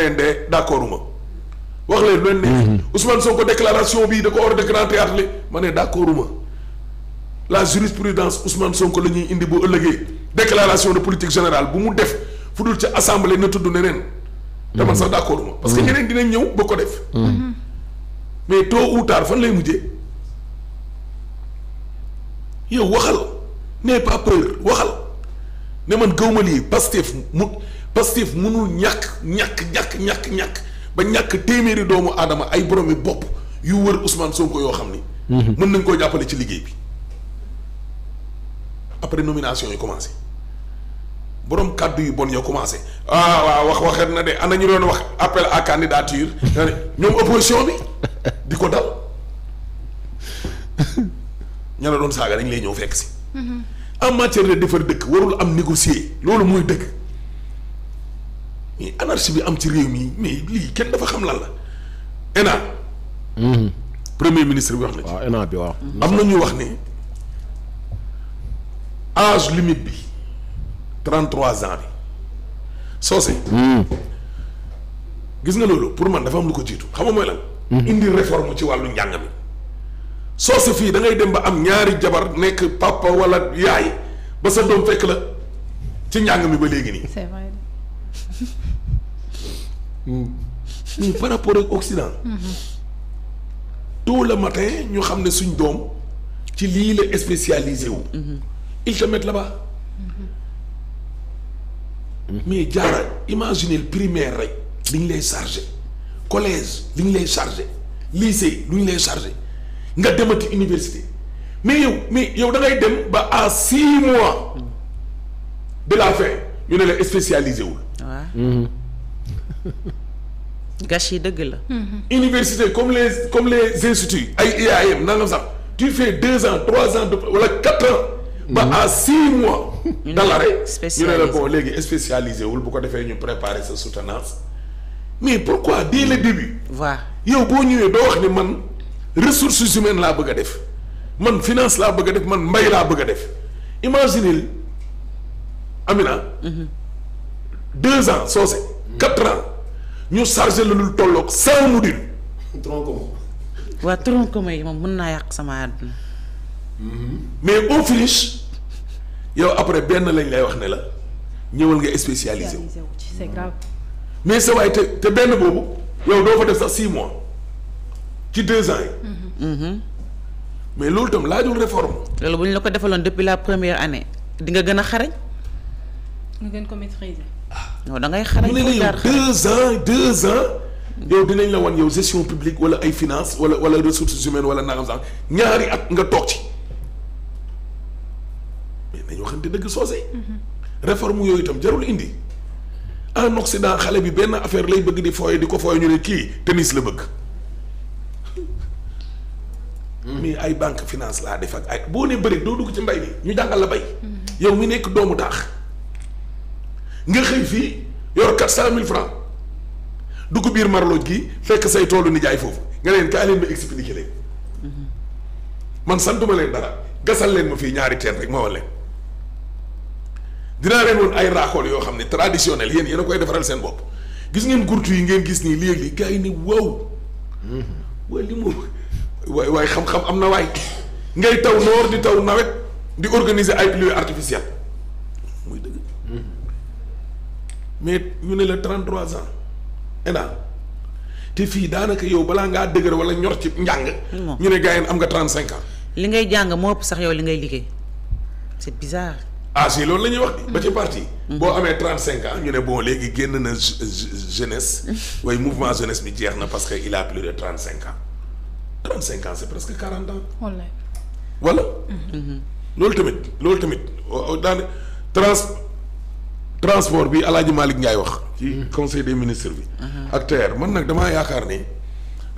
leen de d'accord ma wax leen lu leen ne mhm. Ousmane Sonko déclaration bi da ko hors de grand théâtre li ma ne d'accord ma la jurisprudence Ousmane Sonko la ñuy indi bu ëllëgee déclaration de politique générale bu mu def fu dul ci assemblée na tudd neneen te man mhm. sax d'accord ma parce que mhm. ñeneen dinañ ñëw ba ko def mais tôt ou tard fan lay mujjee yow waxal n'aie pas peur waxal ne man gëwma mu Pastef mënul ñàkk ñàkk ñàkk ñàkk ñàkk ba ñàkk téeméeri doomu aadama ay boromi bopp yu wër Ousmane Sonko yoo xam ni. Mhm. mën nañ koo jàppale ci liggéey bi après nomination yi commencé boroom kàddu yu bon yoo commencé ah waaw wax waxet na de ana ñu doon wax appel à candidature. ñoom opposition bi di ko dal ña la doon saaga dañ lay ñëw fekk si. Mhm. en matière de defar dëkk warul am négocier loolu muy dëkk. mais anarchie bi am ci réew mi mais lii kenn dafa xam lan la ENA. Mhm. premier ministre bi wax na ci. waaw ENA bi waaw. am na ñu wax ni âge limite bi 33 ans bi soose. Mhm. gis nga loolu pour man dafa am lu ko jiitu xamuma nga mooy lan. Mhm. indi réforme ci wàllu njàng mi. soose fii da ngay dem ba am ñaari jabar nekk papa wala yaay ba sa doom fekk la ci njàng mi ba léegi nii. nii par rapport ak Occident. tôt le matin ñu xam ne suñ doom ci lii la spécialisé wu. ils te mettent là-bas. mais jaara imaginer primaire rek li ñu lay chargé collège li ñu lay chargé lycée lu ñu lay chargé nga demati université mais yow mais yow da dem ba à six mois de la fin ñu ne la spécialisé gâchis dëgg la. Mm-hmm. université comme les comme les instituts ay IAM nangam sax tu fais deux ans trois ans de wala quatre ans. ba mm-hmm. à six mois. Mm-hmm. dans l'arrêt ñu ne la bon léegi spécialisé wul bu ko defee ñu préparer sa soutenance mais pourquoi dès le début. waaw yow boo ñëwee doo wax ni man ressources humaines laa bëgg a def man finance laa bëgg a def man mbay laa bëgg a def imaginez Amina. deux ans soose quatre ans. ñu chargé la lu tolloog cinq modules. tronc commun. waaw yi moom mën naa yàq sama àdduna. Mhm. mais au finish yow après benn lañ lay wax ne la ñëwal nga spécialisé wu. c'est mais sa waay te te benn boobu yow doo fa def sax six mois ci deux ans yi. Mhm. mais loolu itam laajul réforme. loolu bu ñu la ko defaloon depuis la première année di nga gën a xarañ. nga ko non da ngay xarañ ne la yow deux ans deux ans. yow dinañ la wan yow gestion publique wala ay finance wala wala ressources humaines wala nangam sax ñaari at nga toog ci mais nañu waxante dëgg soose. Mm-hmm. réforme yooyu itam jarul indi en Occident xale bi benn affaire lay bëgg di fooye di ko fooye ñu ne kii tennis la bëgg. Mm-hmm. mais ay banque finance laa def ak ay boo ne bëri doo dugg ci mbay bi ñu jàngal la bay. Mm-hmm. yow mi nekk doomu taax. nga xëy fii yor quatre cent mille francs dugg biir marlooj gi fekk say toolu nijaay foofu nga leen kaa leen ma expliquer leen man santuma leen dara gasal leen ma fii ñaari teen rek ma wan dinaa leen woon ay raaxool yoo xam ne traditionnel yéen yéen a koy defaral seen bopp gis ngeen gurtu yi ngeen gis nii léegi gars yi ne wow waaye li mu waay waay xam-xam am na waay ngay taw noor di taw nawet di organise ay pluie artificielle mais ñu ne la 33 ans ENA te fii daanaka yow balaa ngaa dëgër wala ñor ci njàng. ñu ne gars yi am nga 35 ans. li ngay jàng moo ëpp sax yow li ngay liggéey c'est bizarre. ah loolu la ñuy wax ba ci mm-hmm. parti. Mm-hmm. boo amee 35 ans ñu ne bon léegi génn na jeunesse. waaye mouvement jeunesse bi jeex na parce que il a plus de 35 ans 35 ans c'est presque 40 ans. wallaay. Mm-hmm. loolu tamit loolu tamit oh, oh, daan trans. transport bi El Hadj Malick Ndiaye wax. ci mm-hmm. conseil des ministres bi. Uh-huh. ak TER man nag damaa yaakaar ni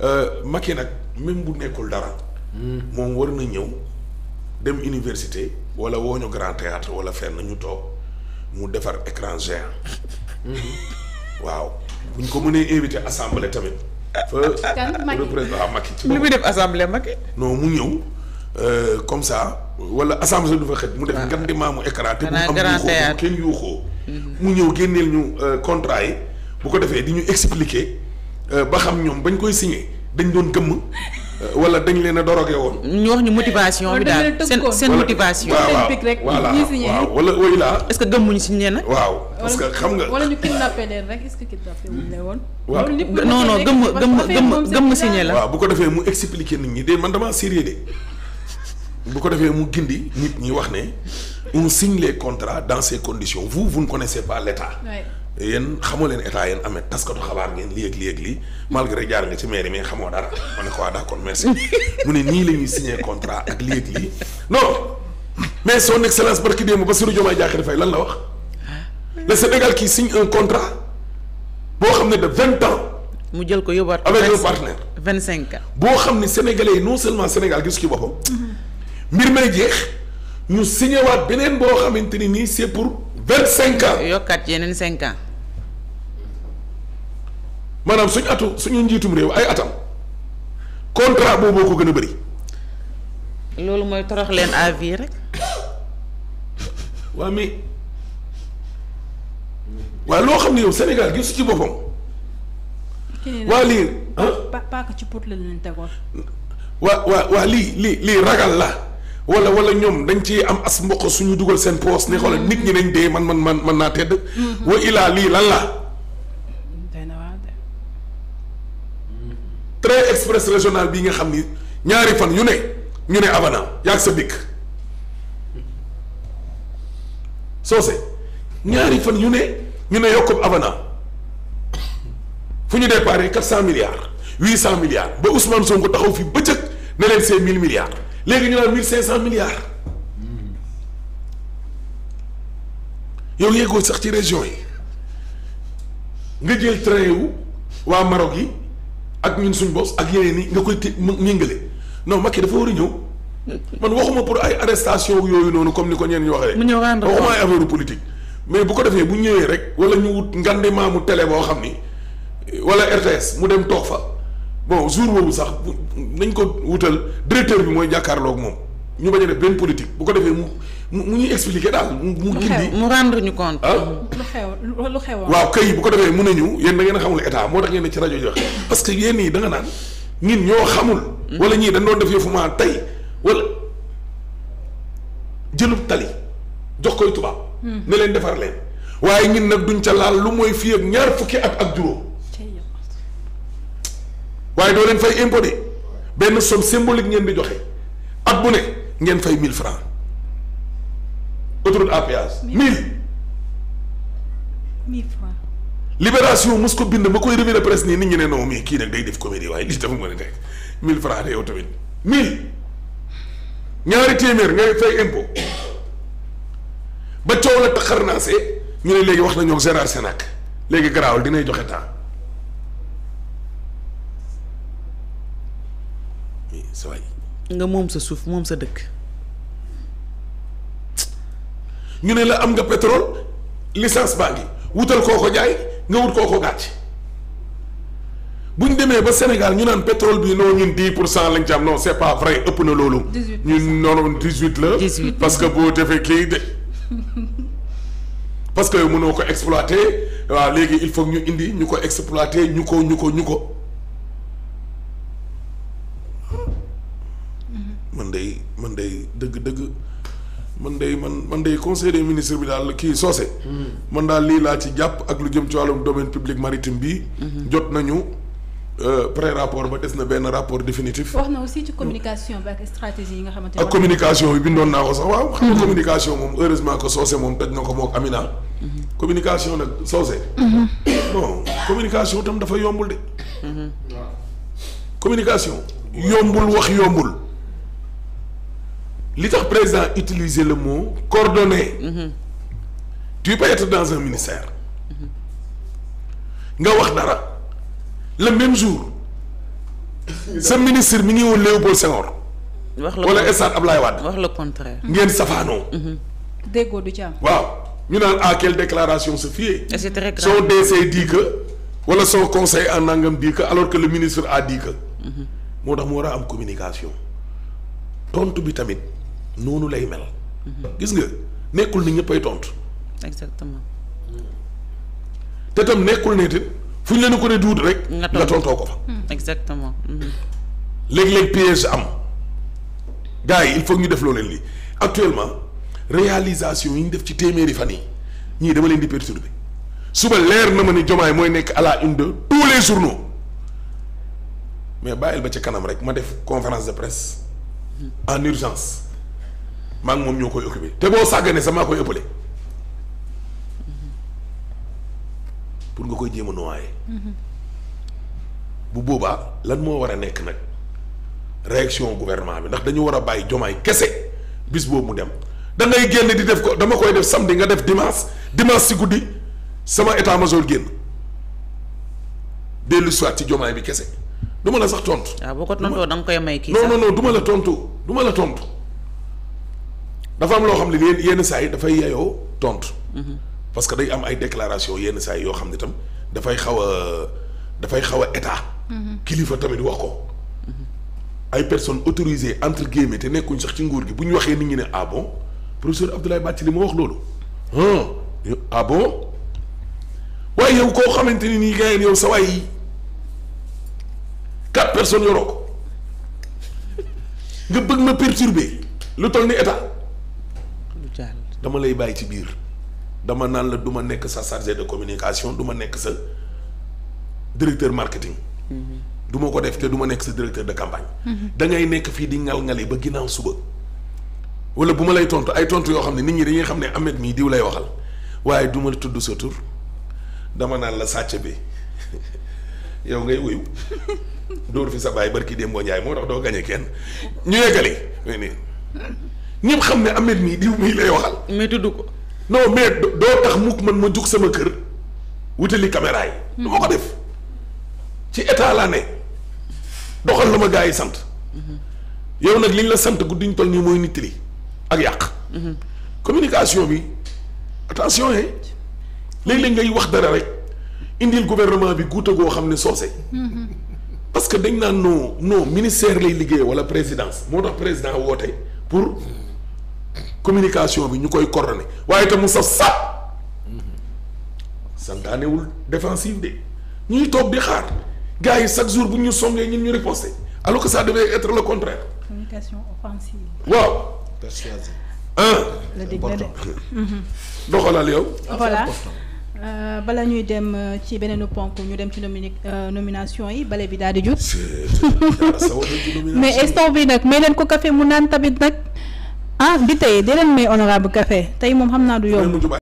euh, Macky nag même bu nekkul dara. Mm-hmm. moom war na ñëw dem université wala woo ñu grand théâtre wala fenn ñu toog mu defar écran géant. Mm-hmm. waaw bu ñu ko mënee invité assemblée tamit. fa kan Macky représentant Macky. lu muy def assemblée Macky. non mu ñëw. Euh, comme ça wala assemblée du fa xëj mu def ngandimaamu ah. écran te mu am yuuxoo kenn yuuxoo mu ñëw génneel ñu euh, contrat yi bu ko defee di ñu expliquer euh, ba xam ñoom bañ koy signé dañ doon gëmm euh, wala dañ leen a dorogee woon. ñu wax ñu motivation bi daal seen seen motivation. waaw waaw waaw wala wala. est-ce que gëmmuñu si ñenn. waaw parce que xam nga. wala ñu kidnappé leen rek est-ce que kidnappé wuñ leen woon. waaw gëmm gëmm gëmm signé la. waaw bu ko defee mu expliquer nit ñi de man damaa sérieux de bu ko defee mu gindi nit ñi wax ne. on signe les contrats dans ces conditions vous vous ne connaissez pas l'État yéen xamoo leen état yéen amee taskatu xabaar ngeen lii ak lii ak lii malgré jaar nga ci mairie mais xamoo dara ma ne ko waa ah, d'accord merci mu ne nii la ñuy signer contrat ak lii ak lii non mais son excellence barki démb Bassirou Diomaye Diakhar Faye lan la wax le Sénégal qui signe un contrat boo xam ne de vingt ans. mu jël ko yóbbuwaat avec le partenaire vingt cinq boo xam ne sénégalais yi non seulement Sénégal gis ci boppam. Mm-hmm. mbir may ñu signé beneen boo xamante ni nii c'est pour vingt cinq ans. yokkaat yeneen cinq ans. maanaam suñu atu suñu njiitum réew ay atam contrat boobu ko gën a bëri. loolu mooy torox leen à vie rek. waa mais waaye loo xam ne yow Sénégal gisu ci boppam. waa lii ah. ci pot la leen waa waa waa lii lii ragal la. wala wala ñoom dañ ci am as mboq suñu dugal seen poos ne xoolal nit ñi dañ dee man man man man naa tedd. Mhm. wa ilaa lii lan la. train express régional bii nga xam ni ñaari fan yu ne ñu ne Habana yaag sa dikk soose ñaari fan yu ne ñu ne yokkub Habana fu ñu déparé quatre cent milliards huit cent milliards ba Ousmane Sonko taxaw fi bëccëg ne leen c'est milliards. léegi ñu naan mille cinq cent milliards yow yéegoo sax ci région yi nga jël train wu waa Maroc yi ak ñun suñ bopp ak yeneen yi nga koy té méngale non Macky dafa war a ñëw man waxuma pour ay arrestation yooyu noonu comme ni ko ñeen ñu waxee. mu ñëw ànd waxuma ay affaire politique. mais bu ko defee bu ñëwee rek wala ñu wut ngandimaamu télé boo xam ni wala RTS mu dem toog fa. bon jour boobu sax nañ ko wutal directeur bi mooy jàkkaarloog moom ñu bañ a def benn politique bu ko defee mu mu ñuy expliquer daal. mu gindi mu rendre ñu compte. Ah? lu xew lu xew waaw kay bu ko defee mun nañu yéen da ngeen a xamul état moo tax ngeen ne ci rajo yi wax parce que yéen ñii naan ñun ñoo xamul. Mm. wala ñii dañ doon def yëfu maa tey wala jëlub tali jox koy tubaab. Mm. ne leen defar leen. waaye ñun nag duñ ca laal lu mooy fii ak ñaar fukki at ak juróom. waaye doo leen fay impo de benn somme symbolique ngeen di joxe at bu ne ngeen fay 1000 francs autoroute à péage 1000. 1000 libération mos ko bind ma koy revue de nii nit ñi ne non mais kii nag day def comédie waaye lii dafa mën a nekk 1000 francs de yow tamit 1000 ñaari téeméer ngay fay impôt ba coow la taxar naa ñu ne léegi wax nañoo Gérard Senac léegi garaawul dinay joxe temps. saway nga moom sa suuf moom sa dëkk ñu ne la am nga pétrole licence baa ngi wutal koo ko jaay nga wut koo ko gàcc bu ñu demee ba Sénégal ñu naan pétrole bi non ñu dix pour cent lañ ci am non c'est pas vrai ëpp na loolu ñun noonu dix-huit la parce que boo defee kii de parce que mënoo ko exploiter waaw léegi il faut ñu indi ñu ko exploiter ñu ko ñu ko ñu ko man day man day dëgg-dëgg man day man man day conseil des ministres bi daal kii soose. Hmm. man daal lii laa ci jàpp ak lu jëm ci wàllum domaine public maritime bi hmm. jot nañu euh, pré rapport ba des na benn rapport définitif. wax na aussi ci communication bi ak stratégie yi nga xamante ne. ak communication bi bindoon naa ko sax waaw. xam nga hmm. communication moom heureusement que soose moom daj na ko moog Amina. communication nag soose. bon communication tam dafa yombul de. communication yombul wax yombul. li tax président utiliser le moo coordonné. Mmh. tu dans un ministère. nga wax dara le même jour. sa ministre mi ngi woon Léopold Senghor. wax wala Essat Ablaye Wade. wax le contraire. ngeen safaanoo. Mhm. déggoo du ci waaw ñu naan à ah, quelle déclaration se fier. c'est très grave son DC conseil en nangam dit que alors que le ministre à dit que. Mhm. moo tax mu war a am communication tontu bi tamit. noonu lay mel. gis nga nekkul ni ñëppay tontu. exactement. te tam nekkul ne it fu ñu leen ko ne duut rek. nga tontoo ko fa. Hmm. exactement. Hmm. léeg-léeg piège am gars yi il faut ñu def loo leen lii actuellement réalisation yi ñu def ci téeméeri fan yi ñii dama leen di perturber suba leer na ma ni jomaay mooy nekk à la une de tous les journaux mais bàyyil ba ca kanam rek ma def conférence de presse hmm. en urgence. maa moom ñoo koy occupé te boo sàggane sama koy ëppale pour nga koy jéem a noyé bu boobaa lan moo war a nekk nag réaction gouvernement bi ndax dañu war a bàyyi jomaay kese bis boobu mu dem da génn di def ko dama koy def samedi nga def dimanche dimanche si guddi sama état major génn dellu soit ci jomaay bi kese du ma la sax tontu. waaw ah, boo ko tontoo da nga koy may kii non non non la tontu du ma la tontu. dafa am loo xam ne yenn yenn saa yi dafay yeyoo tontu. parce que day am ay déclaration yenn saa yi yoo xam ne itam dafay xaw a dafay xaw a état. kilifa tamit wax ko. ay personnes autorisées entre guillemets te nekkuñ sax ci nguur gi bu ñu waxee nit ngi ne ah bon professeur Abdoulaye Bathily moo wax loolu. ah bon waaye yow koo xamante ni nii gars yi yow sa waay yi quatre personnes yoroo ko nga bëgg ma perturber lu toll ni état. dama lay bàyyi ci biir dama naan la du ma nekk sa chargé de communication du ma nekk sa directeur marketing. Mm-hmm. du ma ko def te du ma nekk sa directeur de campagne. Mm-hmm. da nekk fii di ngal-ngali ba ginnaaw suba. wala bu ma lay tontu ay tontu yoo xam ne nit ñi dañuy xam ne Ahmed mii diw lay waxal waaye duma ma tudd sa tur dama naan la sàcc bi yow ngay wuyu dóor fi sa baay barki Demba Ndiaye moo tax doo gañe kenn ñu yeggali. ñëpp xam ne Ahmed nii diw mii lay waxal. mais tudd ko. non mais doo tax mukk man ma jug sama kër wutali caméra yi. Hmm. du ma ko def ci état laa ne doxal la ma gars yi sant. Hmm. yow nag li liñ la sant guddi ñu toll nii mooy nittali ak yàq. Hmm. communication bi attention eh léeg-léeg ngay wax dara rek indil gouvernement bi guute goo xam ne soose. parce que dañ naan non non ministère lay liggéey wala présidence moo tax président woote pour. communication bi ñu koy coordonné waaye te mu saf sap santaanewul défensive de ñuy toog di xaar gars yi chaque jour bu ñu songee ñun ñu riposté alors que ça devait être le contraire. communication offensive. waaw. persuasive. la de doxalal yow. voilà. bala ñuy dem ci beneen ponk ñu dem ci nomini nomination yi bale bi daal jut mais instant bi nag may leen ko café mu naan tamit nag. ah bi tey di leen may bu kafe tey moom xam naa du yomb